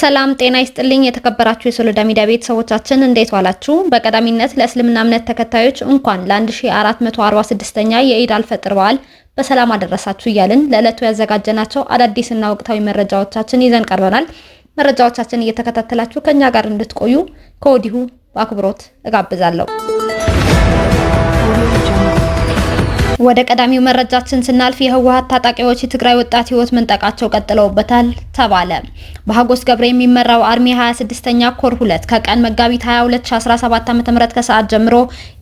ሰላም ጤና ይስጥልኝ። የተከበራችሁ የሶሎዳ ሚዲያ ቤተሰቦቻችን እንዴት ዋላችሁ? በቀዳሚነት ለእስልምና እምነት ተከታዮች እንኳን ለ1446ኛ የኢድ አልፈጥር በዓል በሰላም አደረሳችሁ እያልን ለዕለቱ ያዘጋጀናቸው አዳዲስና ወቅታዊ መረጃዎቻችን ይዘን ቀርበናል። መረጃዎቻችን እየተከታተላችሁ ከእኛ ጋር እንድትቆዩ ከወዲሁ በአክብሮት እጋብዛለሁ። ወደ ቀዳሚው መረጃችን ስናልፍ የህወሀት ታጣቂዎች የትግራይ ወጣት ህይወት መንጠቃቸው ቀጥለውበታል ተባለ። በሀጎስ ገብረ የሚመራው አርሚ 26ኛ ኮር ሁለት ከቀን መጋቢት 2217 ም ከሰዓት ጀምሮ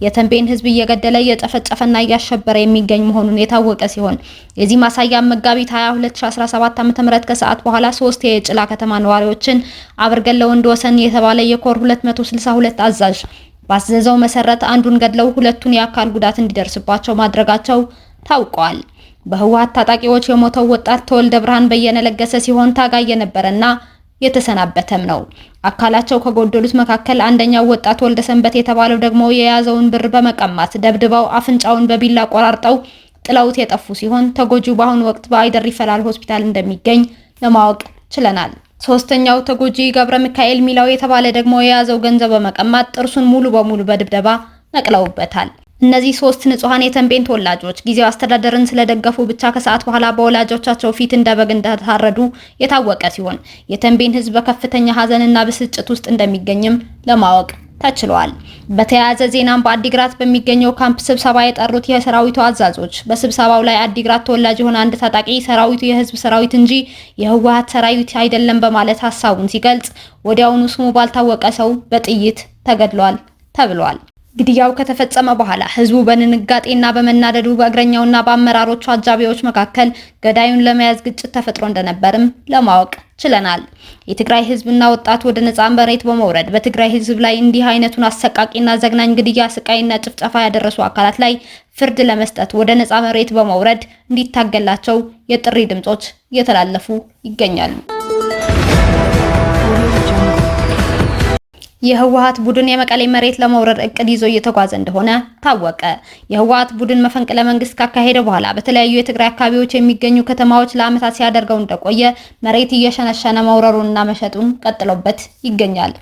የተንቤን ህዝብ እየገደለ እየጨፈጨፈና እያሸበረ የሚገኝ መሆኑን የታወቀ ሲሆን የዚህ ማሳያ መጋቢት 2217 ም ከሰዓት በኋላ ሶስት የጭላ ከተማ ነዋሪዎችን አብርገለው እንደወሰን የተባለ የኮር 262 አዛዥ ባዘዘው መሰረት አንዱን ገድለው ሁለቱን የአካል ጉዳት እንዲደርስባቸው ማድረጋቸው ታውቋል። በህወሓት ታጣቂዎች የሞተው ወጣት ተወልደ ብርሃን በየነ ለገሰ ሲሆን ታጋይ የነበረና የተሰናበተም ነው። አካላቸው ከጎደሉት መካከል አንደኛው ወጣት ወልደ ሰንበት የተባለው ደግሞ የያዘውን ብር በመቀማት ደብድበው አፍንጫውን በቢላ ቆራርጠው ጥለውት የጠፉ ሲሆን ተጎጂው በአሁኑ ወቅት በአይደር ይፈላል ሆስፒታል እንደሚገኝ ለማወቅ ችለናል። ሶስተኛው ተጎጂ ገብረ ሚካኤል ሚላው የተባለ ደግሞ የያዘው ገንዘብ በመቀማት ጥርሱን ሙሉ በሙሉ በድብደባ ነቅለውበታል። እነዚህ ሶስት ንጹሐን የተንቤን ተወላጆች ጊዜው አስተዳደርን ስለደገፉ ብቻ ከሰዓት በኋላ በወላጆቻቸው ፊት እንደ በግ እንደታረዱ የታወቀ ሲሆን የተንቤን ሕዝብ በከፍተኛ ሀዘንና ብስጭት ውስጥ እንደሚገኝም ለማወቅ ተችሏል። በተያያዘ ዜናም በአዲግራት በሚገኘው ካምፕ ስብሰባ የጠሩት የሰራዊቱ አዛዞች በስብሰባው ላይ አዲግራት ተወላጅ የሆነ አንድ ታጣቂ ሰራዊቱ የህዝብ ሰራዊት እንጂ የህወሀት ሰራዊት አይደለም በማለት ሀሳቡን ሲገልጽ ወዲያውኑ ስሙ ባልታወቀ ሰው በጥይት ተገድሏል ተብሏል። ግድያው ከተፈጸመ በኋላ ህዝቡ በድንጋጤና በመናደዱ በእግረኛውና በአመራሮቹ አጃቢዎች መካከል ገዳዩን ለመያዝ ግጭት ተፈጥሮ እንደነበርም ለማወቅ ችለናል። የትግራይ ህዝብና ወጣት ወደ ነጻ መሬት በመውረድ በትግራይ ህዝብ ላይ እንዲህ አይነቱን አሰቃቂና ዘግናኝ ግድያ፣ ስቃይና ጭፍጨፋ ያደረሱ አካላት ላይ ፍርድ ለመስጠት ወደ ነጻ መሬት በመውረድ እንዲታገላቸው የጥሪ ድምጾች እየተላለፉ ይገኛሉ። የህወሀት ቡድን የመቀሌ መሬት ለመውረር እቅድ ይዞ እየተጓዘ እንደሆነ ታወቀ። የህወሀት ቡድን መፈንቅለ መንግስት ካካሄደ በኋላ በተለያዩ የትግራይ አካባቢዎች የሚገኙ ከተማዎች ለአመታት ሲያደርገው እንደቆየ መሬት እየሸነሸነ መውረሩንና መሸጡን ቀጥሎበት ይገኛል።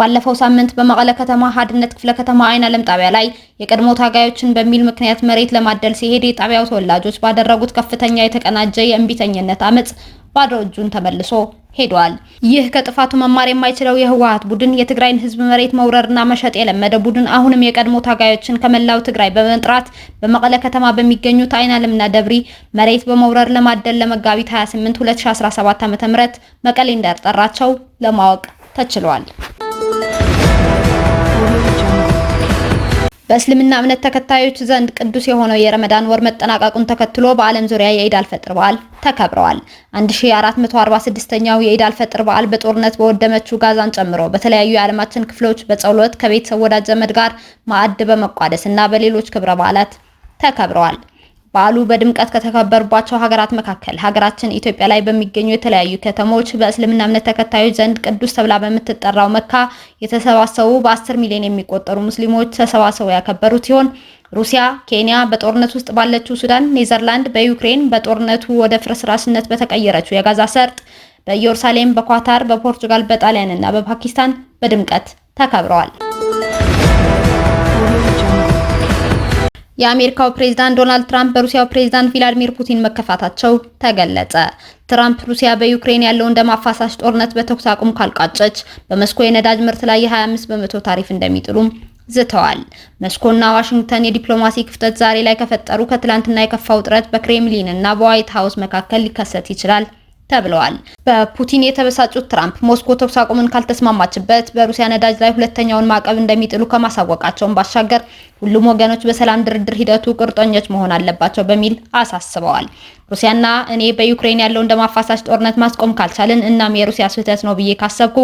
ባለፈው ሳምንት በመቀለ ከተማ ሀድነት ክፍለ ከተማ አይን ዓለም ጣቢያ ላይ የቀድሞ ታጋዮችን በሚል ምክንያት መሬት ለማደል ሲሄድ የጣቢያው ተወላጆች ባደረጉት ከፍተኛ የተቀናጀ የእምቢተኝነት አመጽ ባዶ እጁን ተመልሶ ሄዷል። ይህ ከጥፋቱ መማር የማይችለው የህወሀት ቡድን የትግራይን ህዝብ መሬት መውረርና መሸጥ የለመደ ቡድን አሁንም የቀድሞ ታጋዮችን ከመላው ትግራይ በመጥራት በመቀለ ከተማ በሚገኙት አይን ደብሪ መሬት በመውረር ለማደል ለመጋቢት 28 2017 ዓ.ም መቀሌ እንዳጠራቸው ለማወቅ ተችሏል። በእስልምና እምነት ተከታዮች ዘንድ ቅዱስ የሆነው የረመዳን ወር መጠናቀቁን ተከትሎ በዓለም ዙሪያ የኢድ አልፈጥር በዓል ተከብረዋል። 1446ኛው የኢድ አልፈጥር በዓል በጦርነት በወደመችው ጋዛን ጨምሮ በተለያዩ የዓለማችን ክፍሎች በጸሎት ከቤተሰብ ወዳጅ ዘመድ ጋር ማዕድ በመቋደስ እና በሌሎች ክብረ በዓላት ተከብረዋል። በዓሉ በድምቀት ከተከበሩባቸው ሀገራት መካከል ሀገራችን ኢትዮጵያ ላይ በሚገኙ የተለያዩ ከተሞች በእስልምና እምነት ተከታዮች ዘንድ ቅዱስ ተብላ በምትጠራው መካ የተሰባሰቡ በአስር ሚሊዮን የሚቆጠሩ ሙስሊሞች ተሰባስበው ያከበሩት ሲሆን ሩሲያ፣ ኬንያ፣ በጦርነት ውስጥ ባለችው ሱዳን፣ ኔዘርላንድ በዩክሬን በጦርነቱ ወደ ፍርስራሽነት በተቀየረችው የጋዛ ሰርጥ፣ በኢየሩሳሌም፣ በኳታር፣ በፖርቱጋል፣ በጣሊያን እና በፓኪስታን በድምቀት ተከብረዋል። የአሜሪካው ፕሬዝዳንት ዶናልድ ትራምፕ በሩሲያው ፕሬዝዳንት ቪላዲሚር ፑቲን መከፋታቸው ተገለጸ። ትራምፕ ሩሲያ በዩክሬን ያለውን ደም አፋሳሽ ጦርነት በተኩስ አቁም ካልቃጨች በሞስኮ የነዳጅ ምርት ላይ የ25 በመቶ ታሪፍ እንደሚጥሉም ዝተዋል። ሞስኮና ዋሽንግተን የዲፕሎማሲ ክፍተት ዛሬ ላይ ከፈጠሩ ከትላንትና የከፋ ውጥረት በክሬምሊን እና በዋይት ሀውስ መካከል ሊከሰት ይችላል ተብለዋል። በፑቲን የተበሳጩት ትራምፕ ሞስኮ ተኩስ አቁምን ካልተስማማችበት በሩሲያ ነዳጅ ላይ ሁለተኛውን ማዕቀብ እንደሚጥሉ ከማሳወቃቸውን ባሻገር ሁሉም ወገኖች በሰላም ድርድር ሂደቱ ቁርጠኞች መሆን አለባቸው በሚል አሳስበዋል። ሩሲያና እኔ በዩክሬን ያለውን ደም አፋሳሽ ጦርነት ማስቆም ካልቻልን እናም የሩሲያ ስህተት ነው ብዬ ካሰብኩ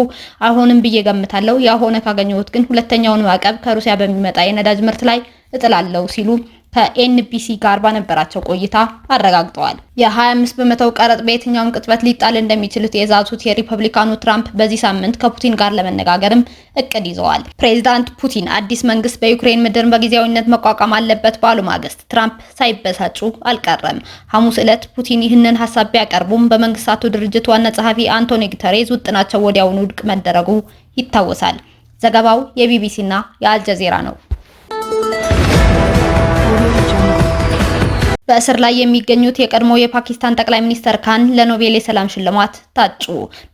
አሁንም ብዬ ገምታለሁ። ያሆነ ካገኘሁት ግን ሁለተኛውን ማዕቀብ ከሩሲያ በሚመጣ የነዳጅ ምርት ላይ እጥላለሁ ሲሉ ከኤንቢሲ ጋር ባነበራቸው ቆይታ አረጋግጠዋል። የ25 በመቶው ቀረጥ በየትኛውም ቅጽበት ሊጣል እንደሚችል የዛቱት የሪፐብሊካኑ ትራምፕ በዚህ ሳምንት ከፑቲን ጋር ለመነጋገርም እቅድ ይዘዋል። ፕሬዚዳንት ፑቲን አዲስ መንግስት በዩክሬን ምድር በጊዜያዊነት መቋቋም አለበት ባሉ ማግስት ትራምፕ ሳይበሳጩ አልቀረም። ሐሙስ ዕለት ፑቲን ይህንን ሀሳብ ቢያቀርቡም በመንግስታቱ ድርጅት ዋና ጸሐፊ አንቶኒ ጉተሬዝ ውጥናቸው ወዲያውኑ ውድቅ መደረጉ ይታወሳል። ዘገባው የቢቢሲና የአልጀዚራ ነው። በእስር ላይ የሚገኙት የቀድሞ የፓኪስታን ጠቅላይ ሚኒስተር ካን ለኖቤል የሰላም ሽልማት ታጩ።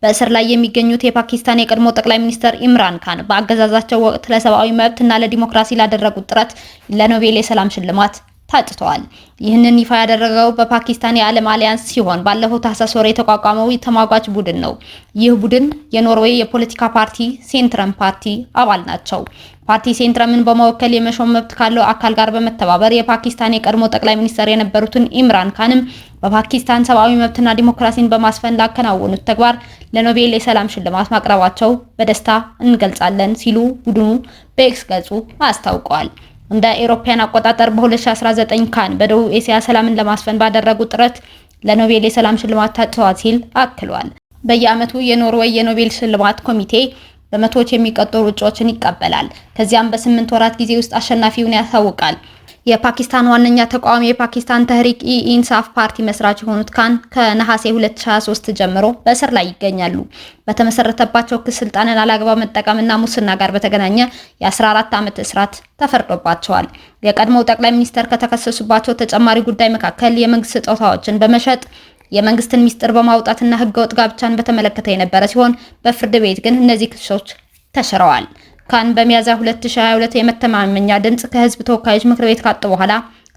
በእስር ላይ የሚገኙት የፓኪስታን የቀድሞ ጠቅላይ ሚኒስተር ኢምራን ካን በአገዛዛቸው ወቅት ለሰብአዊ መብት እና ለዲሞክራሲ ላደረጉት ጥረት ለኖቤል የሰላም ሽልማት ታጭተዋል። ይህንን ይፋ ያደረገው በፓኪስታን የዓለም አሊያንስ ሲሆን ባለፈው ታህሳስ ወር የተቋቋመው ተሟጋች ቡድን ነው። ይህ ቡድን የኖርዌይ የፖለቲካ ፓርቲ ሴንትረም ፓርቲ አባል ናቸው። ፓርቲ ሴንትረምን በመወከል የመሾም መብት ካለው አካል ጋር በመተባበር የፓኪስታን የቀድሞ ጠቅላይ ሚኒስትር የነበሩትን ኢምራን ካንም በፓኪስታን ሰብአዊ መብትና ዲሞክራሲን በማስፈን ላከናወኑት ተግባር ለኖቤል የሰላም ሽልማት ማቅረባቸው በደስታ እንገልጻለን ሲሉ ቡድኑ በኤክስ ገጹ አስታውቀዋል። እንደ ኤሮፓያን አቆጣጠር በ2019 ካን በደቡብ ኤሲያ ሰላምን ለማስፈን ባደረጉ ጥረት ለኖቤል የሰላም ሽልማት ታጭተዋል ሲል አክሏል። በየዓመቱ የኖርዌይ የኖቤል ሽልማት ኮሚቴ በመቶዎች የሚቆጠሩ እጩዎችን ይቀበላል። ከዚያም በስምንት ወራት ጊዜ ውስጥ አሸናፊውን ያሳውቃል። የፓኪስታን ዋነኛ ተቃዋሚ የፓኪስታን ተህሪክ ኢኢንሳፍ ፓርቲ መስራች የሆኑት ካን ከነሐሴ 2023 ጀምሮ በእስር ላይ ይገኛሉ። በተመሰረተባቸው ክስ ስልጣንን አላግባብ መጠቀምና ሙስና ጋር በተገናኘ የ14 ዓመት እስራት ተፈርዶባቸዋል። የቀድሞው ጠቅላይ ሚኒስተር ከተከሰሱባቸው ተጨማሪ ጉዳይ መካከል የመንግስት ስጦታዎችን በመሸጥ የመንግስትን ሚስጥር በማውጣትና ህገወጥ ጋብቻን በተመለከተ የነበረ ሲሆን በፍርድ ቤት ግን እነዚህ ክሶች ተሽረዋል። ካን በሚያዝያ 2022 የመተማመኛ ድምፅ ከህዝብ ተወካዮች ምክር ቤት ካጡ በኋላ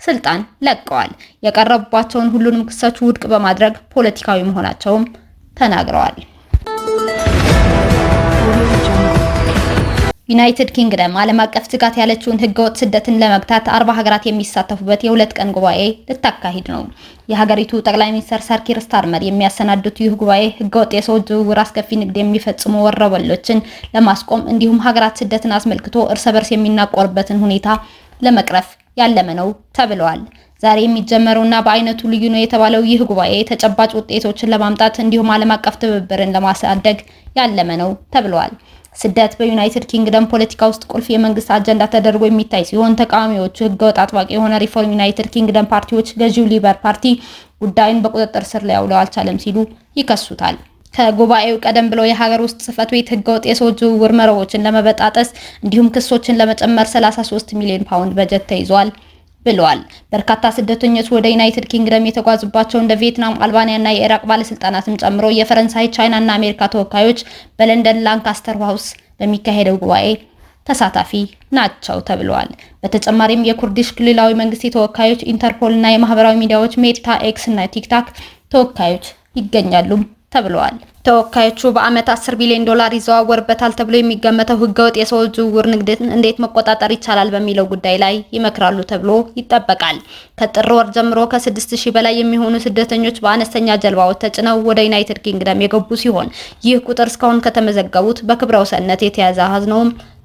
ስልጣን ለቀዋል። የቀረቡባቸውን ሁሉንም ክሶች ውድቅ በማድረግ ፖለቲካዊ መሆናቸውም ተናግረዋል። ዩናይትድ ኪንግደም ዓለም አቀፍ ስጋት ያለችውን ህገወጥ ስደትን ለመግታት አርባ ሀገራት የሚሳተፉበት የሁለት ቀን ጉባኤ ልታካሂድ ነው። የሀገሪቱ ጠቅላይ ሚኒስትር ሰር ኪር ስታርመር የሚያሰናዱት ይህ ጉባኤ ህገወጥ የሰው ዝውውር፣ አስከፊ ንግድ የሚፈጽሙ ወረበሎችን ለማስቆም እንዲሁም ሀገራት ስደትን አስመልክቶ እርስ በርስ የሚናቆርበትን ሁኔታ ለመቅረፍ ያለመ ነው ተብለዋል። ዛሬ የሚጀመረውና በአይነቱ ልዩ ነው የተባለው ይህ ጉባኤ ተጨባጭ ውጤቶችን ለማምጣት እንዲሁም ዓለም አቀፍ ትብብርን ለማሳደግ ያለመ ነው ተብለዋል። ስደት በዩናይትድ ኪንግደም ፖለቲካ ውስጥ ቁልፍ የመንግስት አጀንዳ ተደርጎ የሚታይ ሲሆን ተቃዋሚዎቹ ህገወጥ አጥባቂ የሆነ ሪፎርም ዩናይትድ ኪንግደም ፓርቲዎች ገዢው ሊበር ፓርቲ ጉዳዩን በቁጥጥር ስር ሊያውለው አልቻለም ሲሉ ይከሱታል። ከጉባኤው ቀደም ብሎ የሀገር ውስጥ ጽህፈት ቤት ህገወጥ የሰዎች ዝውውር መረቦችን ለመበጣጠስ እንዲሁም ክሶችን ለመጨመር 33 ሚሊዮን ፓውንድ በጀት ተይዟል። ብለዋል። በርካታ ስደተኞች ወደ ዩናይትድ ኪንግደም የተጓዙባቸው እንደ ቪየትናም፣ አልባኒያና የኢራቅ ባለስልጣናትም ጨምሮ የፈረንሳይ፣ ቻይናና አሜሪካ ተወካዮች በለንደን ላንካስተር ሀውስ በሚካሄደው ጉባኤ ተሳታፊ ናቸው ተብለዋል። በተጨማሪም የኩርዲሽ ክልላዊ መንግስት ተወካዮች፣ ኢንተርፖል እና የማህበራዊ ሚዲያዎች ሜታ፣ ኤክስ እና ቲክታክ ተወካዮች ይገኛሉ ተብለዋል። ተወካዮቹ በዓመት 10 ቢሊዮን ዶላር ይዘዋወርበታል ተብሎ የሚገመተው ህገወጥ የሰዎች ዝውውር ንግድን እንዴት መቆጣጠር ይቻላል በሚለው ጉዳይ ላይ ይመክራሉ ተብሎ ይጠበቃል። ከጥር ወር ጀምሮ ከ6000 በላይ የሚሆኑ ስደተኞች በአነስተኛ ጀልባዎች ተጭነው ወደ ዩናይትድ ኪንግደም የገቡ ሲሆን ይህ ቁጥር እስካሁን ከተመዘገቡት በክብረ ወሰንነት የተያዘ አሃዝ ነው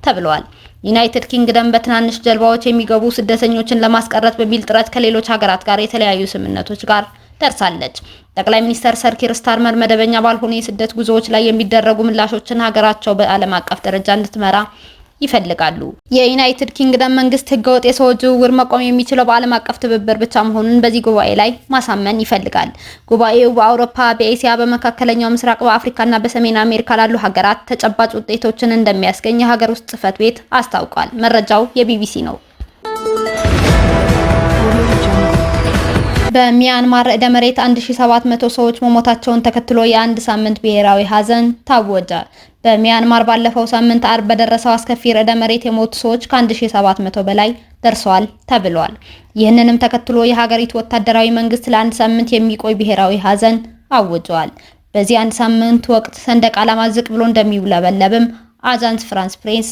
ተብሏል። ዩናይትድ ኪንግደም በትናንሽ ጀልባዎች የሚገቡ ስደተኞችን ለማስቀረት በሚል ጥረት ከሌሎች ሀገራት ጋር የተለያዩ ስምምነቶች ጋር ደርሳለች። ጠቅላይ ሚኒስተር ሰር ኪር ስታርመር መደበኛ ባልሆኑ የስደት ጉዞዎች ላይ የሚደረጉ ምላሾችን ሀገራቸው በዓለም አቀፍ ደረጃ እንድትመራ ይፈልጋሉ። የዩናይትድ ኪንግደም መንግስት ህገወጥ የሰዎች ዝውውር መቆም የሚችለው በዓለም አቀፍ ትብብር ብቻ መሆኑን በዚህ ጉባኤ ላይ ማሳመን ይፈልጋል። ጉባኤው በአውሮፓ፣ በኤሲያ፣ በመካከለኛው ምስራቅ፣ በአፍሪካና በሰሜን አሜሪካ ላሉ ሀገራት ተጨባጭ ውጤቶችን እንደሚያስገኝ የሀገር ውስጥ ጽህፈት ቤት አስታውቋል። መረጃው የቢቢሲ ነው። በሚያንማር ርዕደ መሬት 1700 ሰዎች መሞታቸውን ተከትሎ የአንድ ሳምንት ብሔራዊ ሀዘን ታወጀ። በሚያንማር ባለፈው ሳምንት አርብ በደረሰው አስከፊ ርዕደ መሬት የሞቱ ሰዎች ከ1700 በላይ ደርሰዋል ተብሏል። ይህንንም ተከትሎ የሀገሪቱ ወታደራዊ መንግስት ለአንድ ሳምንት የሚቆይ ብሔራዊ ሀዘን አውጇል። በዚህ አንድ ሳምንት ወቅት ሰንደቅ ዓላማ ዝቅ ብሎ እንደሚውለበለብም አጃንስ ፍራንስ ፕሬስ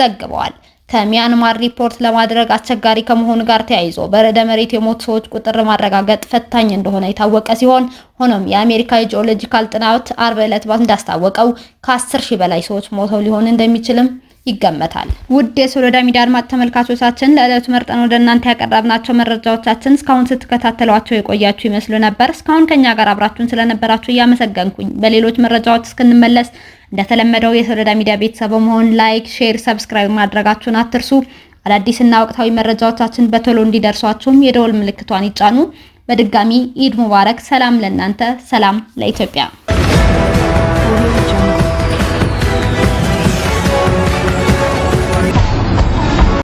ዘግበዋል። ከሚያንማር ሪፖርት ለማድረግ አስቸጋሪ ከመሆኑ ጋር ተያይዞ በረደ መሬት የሞቱ ሰዎች ቁጥር ማረጋገጥ ፈታኝ እንደሆነ የታወቀ ሲሆን ሆኖም የአሜሪካ የጂኦሎጂካል ጥናት አርብ ዕለት እንዳስታወቀው ከ10 ሺህ በላይ ሰዎች ሞተው ሊሆን እንደሚችልም ይገመታል። ውድ የሶሎዳ ሚዲያ አድማጭ ተመልካቾቻችን ለዕለቱ መርጠን ወደ እናንተ ያቀረብናቸው መረጃዎቻችን እስካሁን ስትከታተሏቸው የቆያችሁ ይመስሉ ነበር። እስካሁን ከኛ ጋር አብራችሁን ስለነበራችሁ እያመሰገንኩኝ በሌሎች መረጃዎች እስክንመለስ እንደተለመደው የሶሎዳ ሚዲያ ቤተሰብ በመሆን ላይክ፣ ሼር፣ ሰብስክራይብ ማድረጋችሁን አትርሱ። አዳዲስና ወቅታዊ መረጃዎቻችን በቶሎ እንዲደርሷችሁም የደወል ምልክቷን ይጫኑ። በድጋሚ ኢድ ሙባረክ። ሰላም ለእናንተ፣ ሰላም ለኢትዮጵያ።